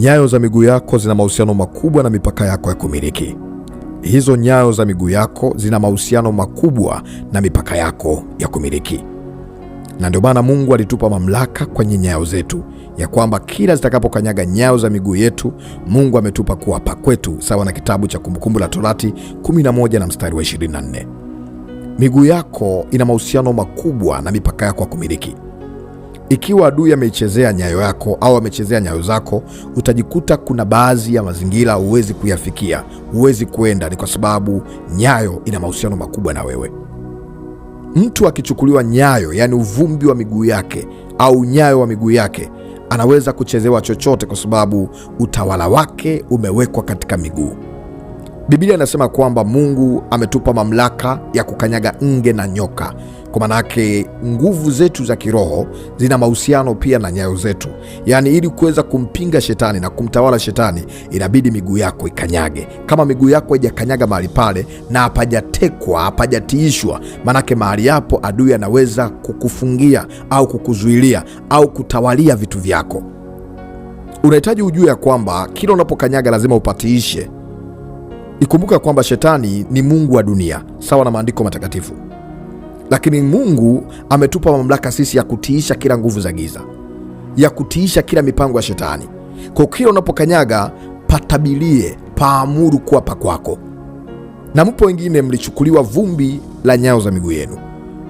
Nyayo za miguu yako zina mahusiano makubwa na mipaka yako ya kumiliki. Hizo nyayo za miguu yako zina mahusiano makubwa na mipaka yako ya kumiliki, na ndio maana Mungu alitupa mamlaka kwenye nyayo zetu, ya kwamba kila zitakapokanyaga nyayo za miguu yetu, Mungu ametupa kuwapa kwetu, sawa na kitabu cha Kumbukumbu la Torati 11 na mstari wa 24. Miguu yako ina mahusiano makubwa na mipaka yako ya kumiliki. Ikiwa adui ameichezea nyayo yako au amechezea nyayo zako, utajikuta kuna baadhi ya mazingira huwezi kuyafikia, huwezi kuenda, ni kwa sababu nyayo ina mahusiano makubwa na wewe. Mtu akichukuliwa nyayo, yaani uvumbi wa miguu yake au nyayo wa miguu yake, anaweza kuchezewa chochote, kwa sababu utawala wake umewekwa katika miguu. Biblia inasema kwamba Mungu ametupa mamlaka ya kukanyaga nge na nyoka. Kwa maanake nguvu zetu za kiroho zina mahusiano pia na nyayo zetu, yaani ili kuweza kumpinga shetani na kumtawala shetani inabidi miguu yako ikanyage. Kama miguu yako haijakanyaga mahali pale na hapajatekwa, hapajatiishwa, maanake mahali yapo adui anaweza kukufungia au kukuzuilia au kutawalia vitu vyako. Unahitaji ujue ya kwamba kila unapokanyaga lazima upatiishe. Ikumbuka kwamba shetani ni mungu wa dunia, sawa na maandiko matakatifu lakini Mungu ametupa mamlaka sisi ya kutiisha kila nguvu za giza, ya kutiisha kila mipango ya Shetani. Kwa kila unapokanyaga patabilie, paamuru kuwa pakwako. Na mpo wengine mlichukuliwa vumbi la nyayo za miguu yenu,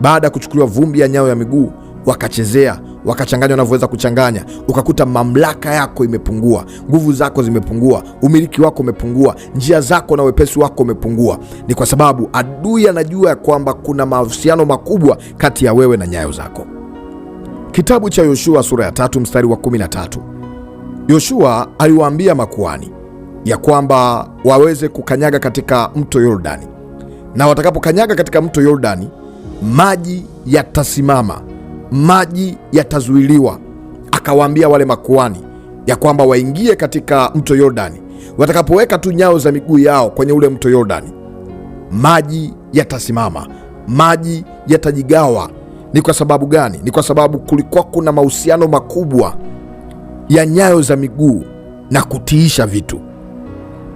baada ya kuchukuliwa vumbi ya nyayo ya miguu wakachezea wakachanganya wanavyoweza kuchanganya, ukakuta mamlaka yako imepungua, nguvu zako zimepungua, umiliki wako umepungua, njia zako na wepesi wako umepungua. Ni kwa sababu adui anajua ya kwamba kuna mahusiano makubwa kati ya wewe na nyayo zako. Kitabu cha Yoshua sura ya tatu mstari wa tatu Yoshua aliwaambia makuani ya kwamba waweze kukanyaga katika mto Yordani, na watakapokanyaga katika mto Yordani maji yatasimama maji yatazuiliwa. Akawaambia wale makuani ya kwamba waingie katika mto Yordani, watakapoweka tu nyayo za miguu yao kwenye ule mto Yordani, maji yatasimama, maji yatajigawa. Ni kwa sababu gani? Ni kwa sababu kulikuwa kuna mahusiano makubwa ya nyayo za miguu na kutiisha vitu.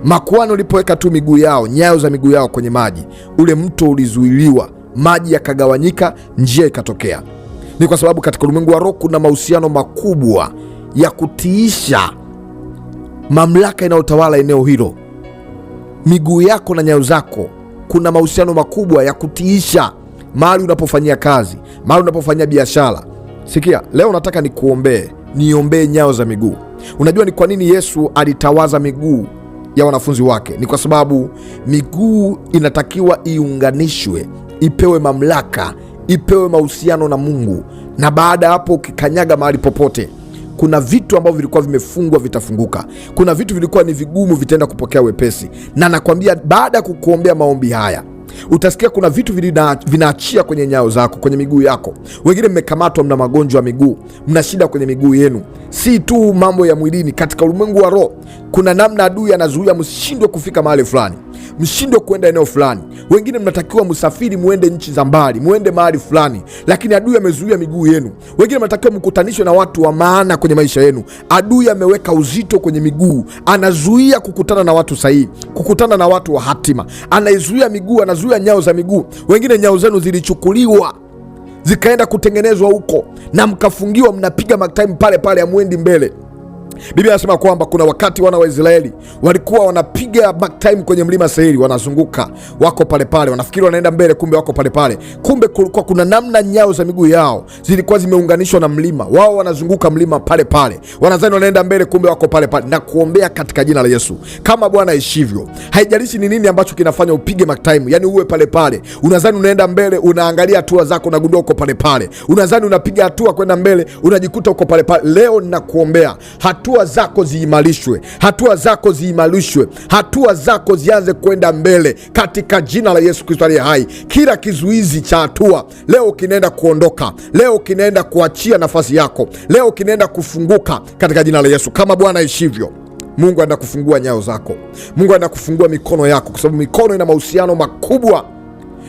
makuani walipoweka tu miguu yao, nyayo za miguu yao kwenye maji, ule mto ulizuiliwa, maji yakagawanyika, njia ikatokea. Ni kwa sababu katika ulimwengu wa roho kuna mahusiano makubwa ya kutiisha mamlaka inayotawala eneo hilo. Miguu yako na nyayo zako, kuna mahusiano makubwa ya kutiisha mahali unapofanyia kazi, mahali unapofanyia biashara. Sikia, leo nataka nikuombee, niombee nyayo za miguu. Unajua ni kwa nini Yesu alitawaza miguu ya wanafunzi wake? Ni kwa sababu miguu inatakiwa iunganishwe, ipewe mamlaka ipewe mahusiano na Mungu, na baada ya hapo ukikanyaga mahali popote kuna vitu ambavyo vilikuwa vimefungwa vitafunguka. Kuna vitu vilikuwa ni vigumu vitaenda kupokea wepesi, na nakwambia, baada ya kukuombea maombi haya utasikia kuna vitu vinaachia kwenye nyayo zako, kwenye miguu yako. Wengine mmekamatwa, mna magonjwa ya miguu, mna shida kwenye miguu yenu, si tu mambo ya mwilini. Katika ulimwengu wa roho kuna namna adui anazuia msishindwe kufika mahali fulani mshindwe kuenda eneo fulani. Wengine mnatakiwa msafiri muende nchi za mbali, muende mahali fulani, lakini adui amezuia miguu yenu. Wengine mnatakiwa mkutanishwe na watu wa maana kwenye maisha yenu. Adui ameweka uzito kwenye miguu, anazuia kukutana na watu sahihi, kukutana na watu wa hatima, anaizuia miguu, anazuia nyao za miguu. Wengine nyao zenu zilichukuliwa zikaenda kutengenezwa huko na mkafungiwa, mnapiga maktaimu pale pale, amwendi mbele. Biblia anasema kwamba kuna wakati wana wa Israeli walikuwa wanapiga back time kwenye mlima Seiri, wanazunguka wako pale pale, wanafikiri wanaenda mbele, kumbe wako pale pale. Kumbe kulikuwa kuna namna nyao za miguu yao zilikuwa zimeunganishwa na mlima, wao wanazunguka mlima pale pale, wanadhani wanaenda mbele, kumbe wako pale pale. Na kuombea katika jina la Yesu, kama Bwana aishivyo, haijalishi ni nini ambacho kinafanya upige back time, yani uwe pale pale. Unadhani unaenda mbele, unaangalia hatua zako, unagundua uko pale pale. Unadhani unapiga hatua kwenda mbele, unajikuta uko pale pale. Leo ninakuombea hatu hatua zako ziimarishwe, hatua zako ziimarishwe, hatua zako zianze kwenda mbele katika jina la Yesu Kristo aliye hai. Kila kizuizi cha hatua leo kinaenda kuondoka, leo kinaenda kuachia nafasi yako, leo kinaenda kufunguka katika jina la Yesu, kama Bwana ishivyo. Mungu anaenda kufungua nyayo zako, Mungu anaenda kufungua mikono yako, kwa sababu mikono ina mahusiano makubwa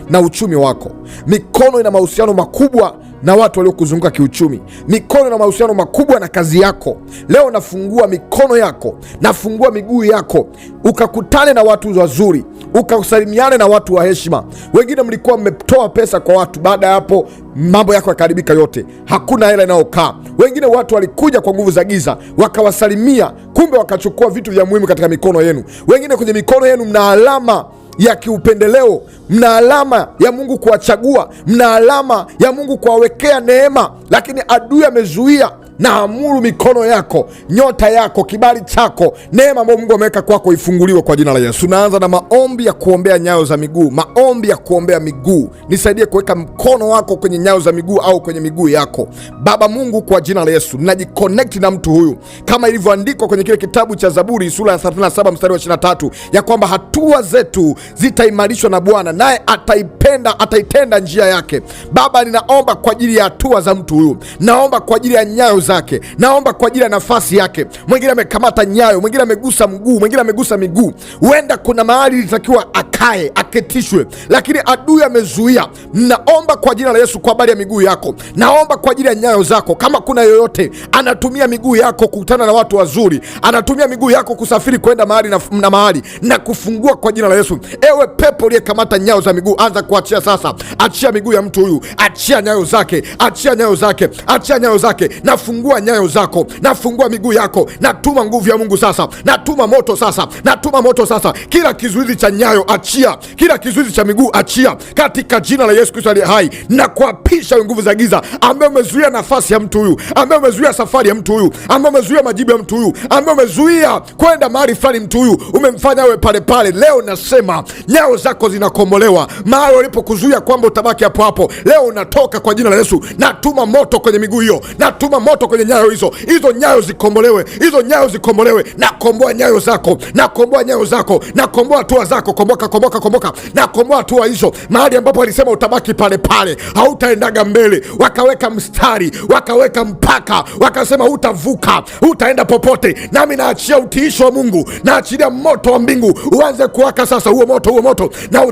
na uchumi wako. Mikono ina mahusiano makubwa na watu waliokuzunguka kiuchumi. Mikono na mahusiano makubwa na kazi yako. Leo nafungua mikono yako, nafungua miguu yako, ukakutane na watu wazuri, ukasalimiane na watu wa heshima. Wengine mlikuwa mmetoa pesa kwa watu, baada ya hapo mambo yako yakaharibika yote, hakuna hela inayokaa. Wengine watu walikuja kwa nguvu za giza, wakawasalimia, kumbe wakachukua vitu vya muhimu katika mikono yenu. Wengine kwenye mikono yenu mna alama ya kiupendeleo, mna alama ya Mungu kuwachagua, mna alama ya Mungu kuwawekea neema, lakini adui amezuia naamuru mikono yako, nyota yako, kibali chako, neema ambayo Mungu ameweka kwako ifunguliwe kwa jina la Yesu. Naanza na maombi ya kuombea nyayo za miguu, maombi ya kuombea miguu. Nisaidie kuweka mkono wako kwenye nyayo za miguu au kwenye miguu yako. Baba Mungu, kwa jina la Yesu najikonekti na mtu huyu kama ilivyoandikwa kwenye kile kitabu cha Zaburi sura ya 37 mstari wa 23 ya kwamba hatua zetu zitaimarishwa na Bwana, naye ataipenda ataitenda njia yake. Baba, ninaomba kwa ajili ya hatua za mtu huyu, naomba kwa ajili ya nyayo zake, naomba kwa ajili ya nafasi yake. Mwingine amekamata nyayo, mwingine amegusa mguu, mwingine amegusa miguu. Huenda kuna mahali ilitakiwa akae, aketishwe, lakini adui amezuia. Naomba kwa jina la Yesu kwa habari ya miguu yako, naomba kwa ajili ya nyayo zako. Kama kuna yoyote anatumia miguu yako kukutana na watu wazuri, anatumia miguu yako kusafiri kwenda mahali na, na mahali na kufungua kwa jina la Yesu. Ewe pepo uliyekamata nyayo za miguu, anza kuachia sasa. Achia miguu ya mtu huyu, achia nyayo zake, achia nyayo zake, achia nyayo zake na nafungua nyayo zako, nafungua miguu yako, natuma nguvu ya Mungu sasa, natuma moto sasa, natuma moto sasa. Kila kizuizi cha nyayo achia, kila kizuizi cha miguu achia, katika jina la Yesu Kristo aliye hai. Nakuapisha nguvu za giza ambaye umezuia nafasi ya mtu huyu, ambaye umezuia safari ya mtu huyu, ambaye umezuia majibu ya mtu huyu, ambaye umezuia kwenda mahali fulani mtu huyu, umemfanya awe pale pale. Leo nasema nyayo zako zinakomolewa mahali walipokuzuia kwamba utabaki hapo hapo, leo unatoka kwa jina la Yesu. Natuma moto kwenye miguu hiyo, natuma moto moto kwenye nyayo hizo, hizo nyayo zikombolewe, hizo nyayo zikombolewe. Nakomboa nyayo zako, nakomboa nyayo zako, nakomboa hatua zako. Komboka, komboka, komboka, nakomboa hatua hizo. Mahali ambapo alisema utabaki pale pale, hautaendaga mbele, wakaweka mstari, wakaweka mpaka, wakasema hutavuka, hutaenda popote. Nami naachia utiisho wa Mungu, naachilia moto wa mbingu uanze kuwaka sasa. Huo moto, huo moto na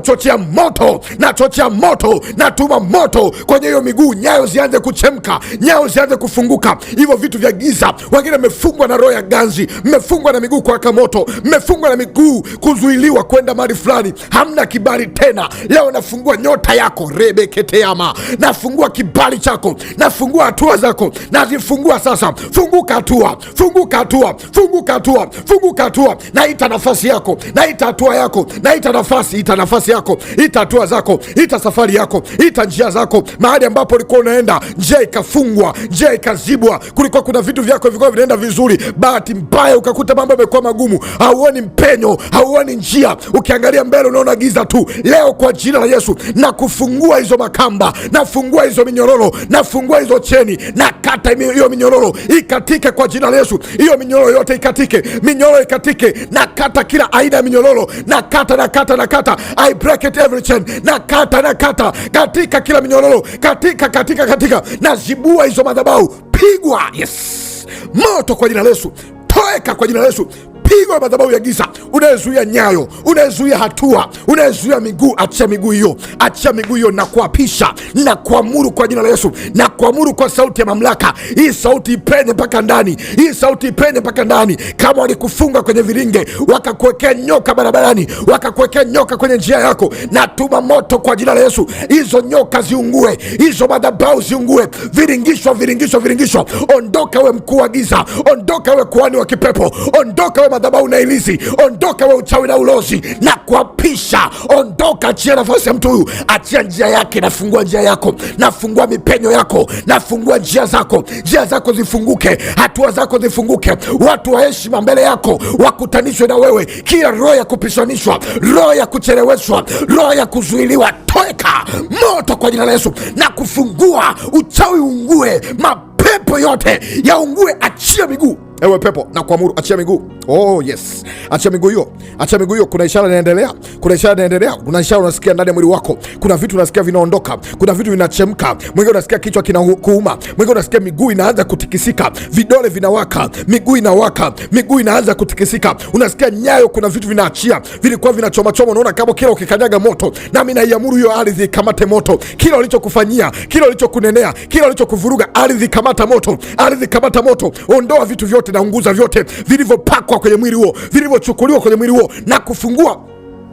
moto, nachochea moto, natuma moto kwenye hiyo miguu, nyayo zianze kuchemka, nyayo zianze kufunguka hivyo vitu vya giza. Wengine mmefungwa na roho ya ganzi, mmefungwa na miguu kuwaka moto, mmefungwa na miguu kuzuiliwa kwenda mahali fulani. Hamna kibali tena. Leo nafungua nyota yako rebeketeama, nafungua kibali chako, nafungua hatua zako, nazifungua sasa. Funguka hatua, funguka hatua, funguka hatua, funguka hatua. Naita nafasi yako, naita hatua yako, naita nafasi, ita nafasi yako, ita hatua zako, ita safari yako, ita njia zako, mahali ambapo ulikuwa unaenda, njia ikafungwa, njia ikazibwa kubwa, kulikuwa kuna vitu vyako vilikuwa vinaenda vizuri, bahati mbaya ukakuta mambo yamekuwa magumu, hauoni mpenyo, hauoni njia, ukiangalia mbele unaona giza tu. Leo kwa jina la Yesu nakufungua hizo makamba, nafungua hizo minyororo, nafungua hizo cheni, nakata hiyo minyororo ikatike kwa jina la Yesu. Hiyo minyororo yote ikatike, minyororo ikatike, nakata kila aina ya minyororo, nakata nakata nakata, I break it every chain, nakata nakata katika kila minyororo, katika katika katika, nazibua hizo madhabahu Pigwa yes, moto kwa jina la Yesu, toeka kwa jina la Yesu unapigwa madhabahu ya giza, unayezuia nyayo, unayezuia hatua, unayezuia miguu, achia miguu hiyo, achia miguu hiyo na kuapisha na kuamuru kwa jina la Yesu na kuamuru kwa sauti ya mamlaka. Hii sauti ipenye mpaka ndani, hii sauti ipenye mpaka ndani. Kama walikufunga kwenye viringe, wakakuwekea nyoka barabarani, wakakuwekea nyoka kwenye njia yako, natuma moto kwa jina la Yesu, hizo nyoka ziungue, hizo madhabahu ziungue, viringishwa, viringishwa, viringishwa. Ondoka we mkuu wa giza, ondoka we kuhani wa kipepo, ondoka we madhabahu unailisi. Ondoka we uchawi na ulozi na kuapisha, ondoka, achia nafasi ya mtu huyu, achia njia yake. Nafungua njia yako, nafungua mipenyo yako, nafungua njia zako, njia zako zifunguke, hatua zako zifunguke, watu wa heshima mbele yako wakutanishwe na wewe. Kila roho ya kupishanishwa, roho ya kucheleweshwa, roho ya kuzuiliwa, toeka moto kwa jina la Yesu na kufungua uchawi, ungue mapepo yote yaungue, achia miguu Ewe pepo na kuamuru achia miguu. Oh yes, achia miguu hiyo, achia miguu hiyo. Kuna ishara inaendelea, kuna ishara inaendelea, kuna ishara unasikia ndani ya mwili wako. Kuna vitu unasikia vinaondoka, kuna vitu vinachemka. Mwingine unasikia kichwa kinakuuma, mwingine unasikia miguu inaanza kutikisika, vidole vinawaka, miguu inawaka, miguu inaanza kutikisika. Unasikia nyayo, kuna vitu vinaachia, vilikuwa vinachoma choma, unaona kama kila ukikanyaga moto. Nami naiamuru hiyo ardhi ikamate moto, kila ulichokufanyia, kila ulichokunenea, kila ulichokuvuruga, ardhi kamata moto, ardhi kamata moto, ondoa vitu vyote vyote na unguza vyote vilivyopakwa kwenye mwili huo, vilivyochukuliwa kwenye mwili huo na kufungua.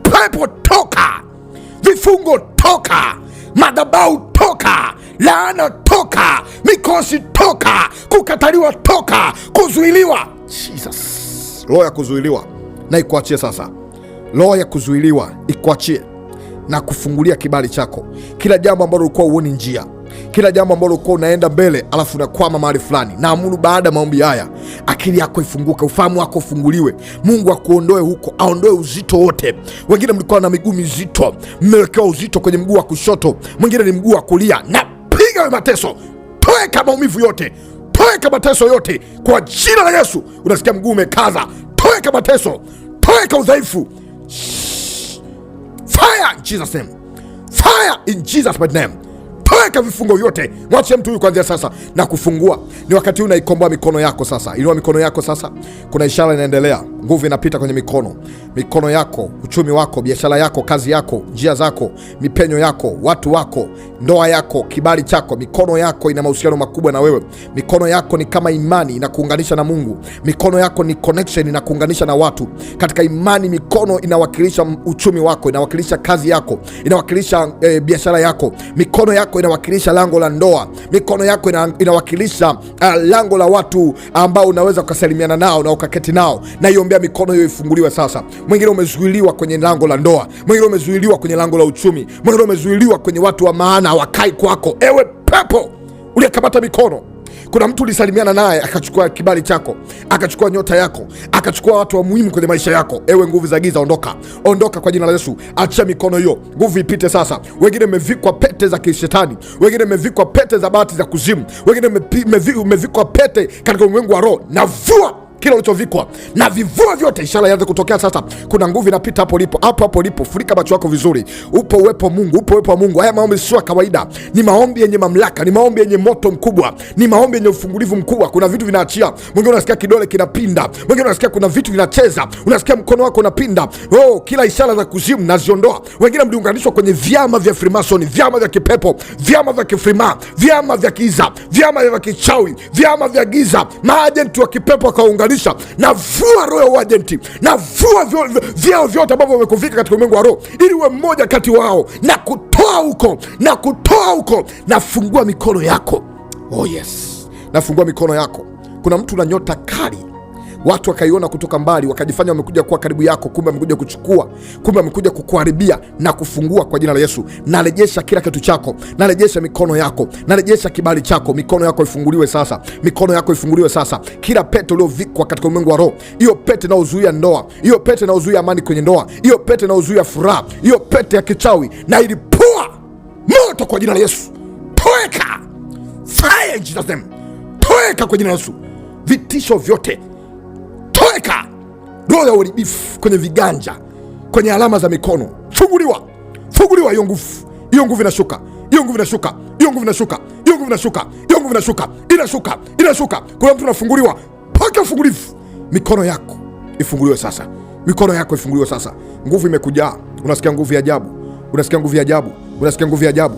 Pepo toka, vifungo toka, madhabau toka, laana toka, mikosi toka, kukataliwa toka, kuzuiliwa. Jesus, roho ya kuzuiliwa na ikuachie sasa, roho ya kuzuiliwa ikuachie na kufungulia kibali chako, kila jambo ambalo ulikuwa uoni njia kila jambo ambalo ulikuwa unaenda mbele alafu unakwama mahali fulani, naamuru baada ya maombi haya akili yako ifunguke, ufahamu wako ufunguliwe, Mungu akuondoe huko, aondoe uzito wote. Wengine mlikuwa na miguu mizito, mmewekewa uzito kwenye mguu wa kushoto, mwingine ni mguu wa kulia. Napiga mateso, toeka maumivu yote, toeka mateso yote kwa jina la Yesu. Unasikia mguu umekaza, toeka mateso, toeka udhaifu. Fire in Jesus name. Fire in Jesus name. Paweka vifungo vyote, mwache mtu huyu kuanzia sasa na kufungua. Ni wakati huu naikomboa mikono yako sasa, inua mikono yako sasa. Kuna ishara inaendelea Nguvu inapita kwenye mikono, mikono yako, uchumi wako, biashara yako, kazi yako, njia zako, mipenyo yako, watu wako, ndoa yako, kibali chako. Mikono yako ina mahusiano makubwa na wewe. Mikono yako ni kama imani, inakuunganisha na Mungu. Mikono yako ni connection, inakuunganisha na watu. Katika imani, mikono inawakilisha uchumi wako, inawakilisha kazi yako, inawakilisha e, biashara yako. Mikono yako inawakilisha lango la ndoa. Mikono yako ina, inawakilisha uh, lango la watu ambao unaweza ukasalimiana nao na ukaketi nao na anatembea, mikono hiyo ifunguliwe sasa. Mwingine umezuiliwa kwenye lango la ndoa, mwingine umezuiliwa kwenye lango la uchumi, mwingine umezuiliwa kwenye watu wa maana hawakai kwako. Ewe pepo uliyekamata mikono kuna mtu ulisalimiana naye akachukua kibali chako, akachukua nyota yako, akachukua watu wa muhimu kwenye maisha yako. Ewe nguvu za giza, ondoka, ondoka kwa jina la Yesu. Achia mikono hiyo, nguvu ipite sasa. Wengine mmevikwa pete za kishetani, wengine mmevikwa pete za bahati za kuzimu, wengine mmevikwa pete katika ulimwengu wa roho. Navua kila ulichovikwa na vivua vyote, ishara ianze kutokea sasa. Kuna nguvu inapita hapo lipo, hapo hapo lipo. Furika macho yako vizuri, upo uwepo Mungu, upo uwepo wa Mungu. Haya maombi sio kawaida, ni maombi yenye mamlaka, ni maombi yenye moto mkubwa, ni maombi yenye ufungulivu mkubwa. Kuna vitu vinaachia, mwingine unasikia kidole kinapinda, mwingine unasikia kuna vitu vinacheza, unasikia mkono wako unapinda. Oh, kila ishara za kuzimu naziondoa. Wengine mliunganishwa kwenye vyama vya Freemason, vyama vya kipepo, vyama vya kifrima, vyama vya kiza, vyama vya kichawi, vyama vya giza, maajenti wa kipepo akaunganishwa kabisa. Navua roho ya uajenti, navua vyao vyote ambavyo vimekuvika katika ulimwengu wa roho, ili uwe mmoja kati wao, na kutoa huko na kutoa huko. Nafungua mikono yako. Oh yes, nafungua mikono yako. Kuna mtu na nyota kali watu wakaiona kutoka mbali, wakajifanya wamekuja kuwa karibu yako, kumbe wamekuja kuchukua, kumbe wamekuja kukuharibia na kufungua. Kwa jina la Yesu, narejesha kila kitu chako, narejesha mikono yako, narejesha kibali chako. Mikono yako ifunguliwe sasa, mikono yako ifunguliwe sasa. Kila pete uliovikwa katika ulimwengu wa roho, hiyo pete inayozuia ndoa, hiyo pete inayozuia amani kwenye ndoa, hiyo pete inayozuia furaha, hiyo pete ya kichawi, na ilipua moto kwa jina la Yesu. Toeka fire in Jesus name, toeka kwa jina la Yesu, vitisho vyote roho ya uharibifu kwenye viganja, kwenye alama za mikono, funguliwa, funguliwa hiyo nguvu, hiyo nguvu inashuka, hiyo nguvu inashuka, hiyo nguvu inashuka, hiyo nguvu inashuka, hiyo nguvu inashuka, inashuka, inashuka. Kuna mtu anafunguliwa, pokea ufungulivu. Mikono yako ifunguliwe sasa, mikono yako ifunguliwe sasa. Nguvu imekujaa, unasikia nguvu ya ajabu, unasikia nguvu ya ajabu, unasikia nguvu ya ajabu.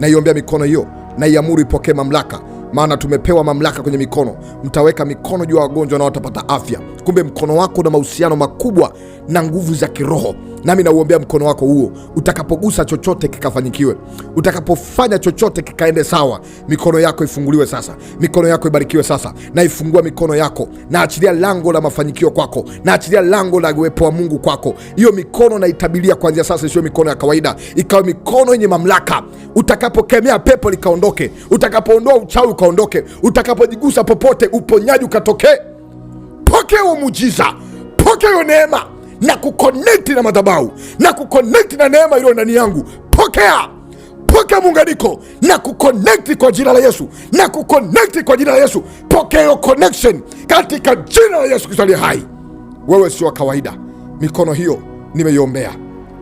Naiombea mikono hiyo, naiamuru ipokee mamlaka maana tumepewa mamlaka kwenye mikono, mtaweka mikono juu ya wagonjwa na watapata afya. Kumbe mkono wako una mahusiano makubwa na nguvu za kiroho, nami nauombea mkono wako huo. Utakapogusa chochote kikafanyikiwe, utakapofanya chochote kikaende sawa. Mikono yako ifunguliwe sasa, mikono yako ibarikiwe sasa. Naifungua mikono yako, naachilia lango la mafanikio kwako, naachilia lango la uwepo wa Mungu kwako. Hiyo mikono naitabilia kuanzia sasa, isiwe mikono ya kawaida, ikawe mikono yenye mamlaka. Utakapokemea pepo likaondoke, utakapoondoa uchawi ukaondoke, utakapojigusa popote uponyaji ukatokee. Pokea huo muujiza, pokea hiyo neema na kukonekti na madhabahu na kukonekti na neema iliyo ndani yangu. Pokea, pokea muunganiko na kukonekti kwa jina la Yesu, na kukonekti kwa jina la Yesu. Pokea hiyo connection katika jina la Yesu Kristo aliye hai. Wewe sio wa kawaida. Mikono hiyo nimeiombea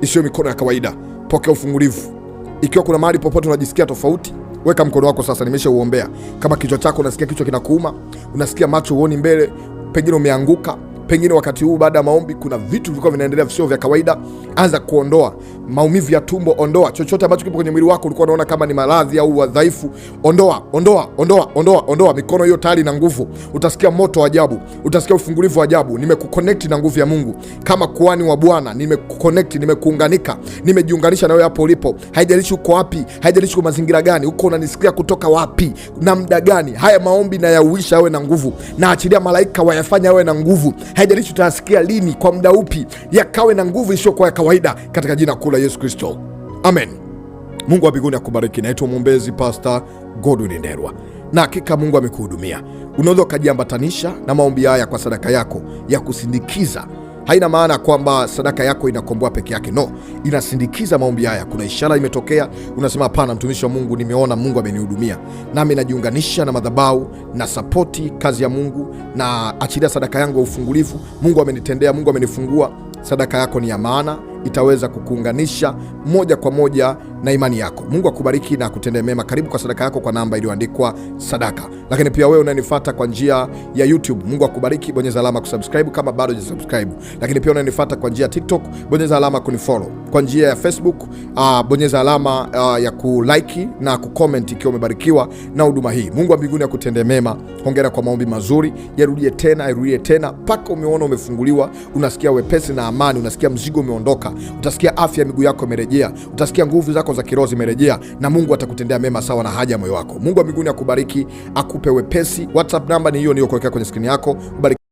isiyo mikono ya kawaida. Pokea ufungulivu. Ikiwa kuna mahali popote unajisikia tofauti Weka mkono wako sasa, nimeshauombea. Kama kichwa chako unasikia kichwa kinakuuma, unasikia macho uoni mbele, pengine umeanguka pengine wakati huu baada ya maombi kuna vitu vilikuwa vinaendelea visio vya kawaida. Anza kuondoa maumivu ya tumbo, ondoa chochote ambacho kipo kwenye mwili wako ulikuwa unaona kama ni maradhi au udhaifu, ondoa, ondoa, ondoa, ondoa, ondoa. Mikono hiyo tayari na nguvu, utasikia moto wa ajabu, utasikia ufungulivu wa ajabu. Nimekukonekti na nguvu ya Mungu kama kuani wa Bwana, nimekukonekti, nimekuunganika, nimejiunganisha nawe hapo ulipo. Haijalishi uko wapi, haijalishi kwa mazingira gani huko unanisikia kutoka wapi na muda gani. Haya maombi na yauisha yawe na nguvu, na achilia malaika wayafanya yawe na nguvu haijalishi tutasikia lini, kwa muda upi, yakawe na nguvu isiyokuwa ya kawaida katika jina kuu la Yesu Kristo, amen. Mungu wa mbinguni akubariki. Naitwa mwombezi Pasta Godwin Ndelwa, na hakika Mungu amekuhudumia. Unaweza ukajiambatanisha na maombi haya kwa sadaka yako ya kusindikiza haina maana kwamba sadaka yako inakomboa peke yake, no, inasindikiza maombi haya. Kuna ishara imetokea, unasema hapana, mtumishi wa Mungu, nimeona Mungu amenihudumia, nami najiunganisha na madhabau na sapoti kazi ya Mungu na achilia sadaka yangu ya ufungulivu. Mungu amenitendea, Mungu amenifungua. Sadaka yako ni ya maana, itaweza kukuunganisha moja kwa moja na imani yako. Mungu akubariki na kutende mema. Karibu kwa sadaka yako kwa namba iliyoandikwa sadaka. Lakini pia wewe unanifuata kwa njia ya YouTube, Mungu akubariki. Bonyeza alama kusubscribe kama bado hujasubscribe. Lakini pia unanifuata kwa njia ya TikTok, bonyeza alama kunifollow. Kwa njia ya Facebook, uh, bonyeza alama uh, ya kulike na kucomment ikiwa umebarikiwa na huduma hii. Mungu wa mbinguni akutende mema. Hongera kwa maombi mazuri, yarudie tena, yarudie tena mpaka umeona umefunguliwa, unasikia wepesi na amani, unasikia mzigo umeondoka, utasikia afya ya miguu yako imerejea, utasikia nguvu zako za kiroho zimerejea, na Mungu atakutendea mema sawa na haja ya moyo wako. Mungu wa mbinguni akubariki, akupe wepesi. WhatsApp namba ni hiyo niliyokuwekea kwenye skrini yako. Ubariki.